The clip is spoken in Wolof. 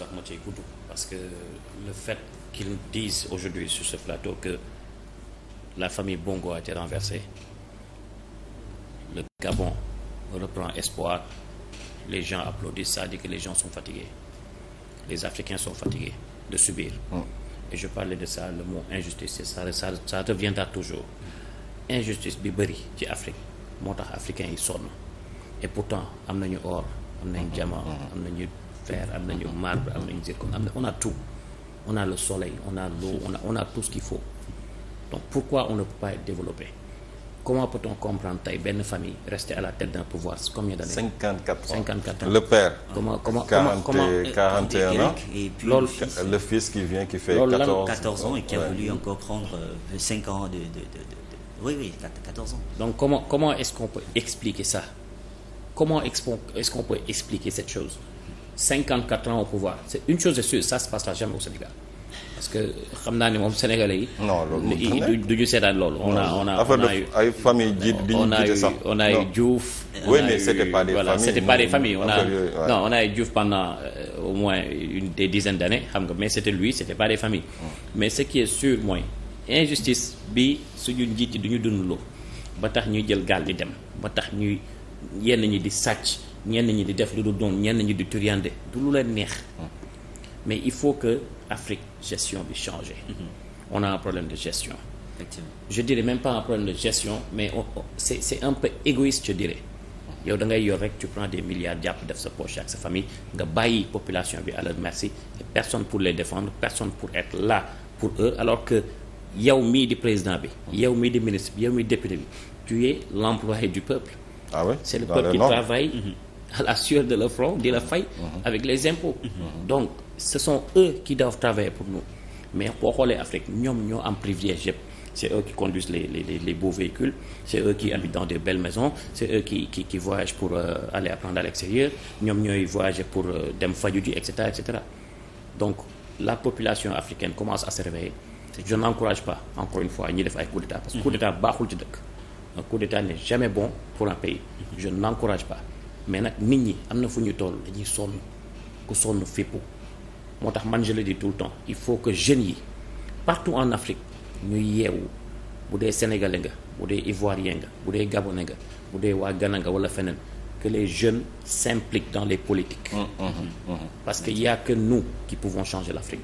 sax ma cay parce que le fait qu'ils disent aujourd'hui sur ce plateau que la famille Bongo a été renversée le Gabon reprend espoir les gens applaudissent ça dit que les gens sont fatigués les Africains sont fatigués de subir mm. et je parlais de ça le mot injustice ça ça ça reviendra toujours injustice bi bëri ci Afrique moo tax africain yi sonn et pourtant am nañu or am nañ jama mm-hmm. am nañu fer am marbre am nañu na on a tout on a le soleil on a l'eau on a on a tout ce qu'il faut donc pourquoi on ne peut pas être développé comment peut-on comprendre tey benn famille rester à la tête d'un pouvoir combien d'années. 54 54 ans le père. Ah. comment comment 40, comment 41 euh, ans et puis le fils le qui vient qui fait 14, 14 ans qui a ouais. voulu encore prendre ans donc comment est-ce qu'on peut expliquer ça comment est-ce qu'on peut expliquer cette chose. 54 ans au pouvoir c'est une chose est sûre ça se jamais au Sénégal parce que xam naa ne moom sénégalais yi. non loolu du ñu seetaan loolu. on a on a on a eu ay famille jiit bi on a eu Diouf. a non pendant euh, au moins une des dizaines d'années xam nga mais c'était lui c'était pas des familles. Mm. mais ce qui est sûr mooy injustice bi suñu njiit yi du ñu dund loo ba tax ñu jël gaal di dem ba tax ñu yenn ñi di sàcc. ñenn ñi di def lu dul doon ñenn ñi di turiyande du lu leen neex mais il faut que Afrique gestion bi changer mm on a un problème de gestion je dirais même pas un problème de gestion mais on, on, c'est c'est un peu égoïste je dirais yow da yor rek tu prends des milliards jàpp def sa poche ak sa famille nga bàyyi population bi à merci personne pour les défendre personne pour être là pour eux alors que yow mii di président bi yow mii di ministre bi yow mii député bi tu es l'employé du à la sueur de leur front di la fay mhm. avec les impôts mhm. donc ce sont eux qui doivent travailler pour nous mais boo xoolee Afrique ñoom ñoo en privilège yëpp c'est eux qui conduisent les les les beaux véhicules c'est eux qui habitent dans de belles maisons c'est eux qui voyagent pour euh, aller apprendre à l'extérieur ñoom ñooy voyager pour euh, dem faju ji et cetera et cetera donc la population africaine commence à se réveiller je n'encourage pas encore une fois ñuy def ay coup d'état parce que coup mhm. baaxul ci dëkk un coup bon pour un pays je n'encourage mais nag nit ñi am na fu ñu toll dañuy sonn ku sonn fippu moo tax man je le tout le temps il faut que jeunes yi partout en Afrique ñuy yeewu bu dee sénégalais nga bu dee ivoirien nga bu dee gabone nga bu dee waa Ghana nga wala feneen que les jeunes s'impliquent dans les politiques. Mmh, parce que y a que nous qui pouvons changer l'Afrique.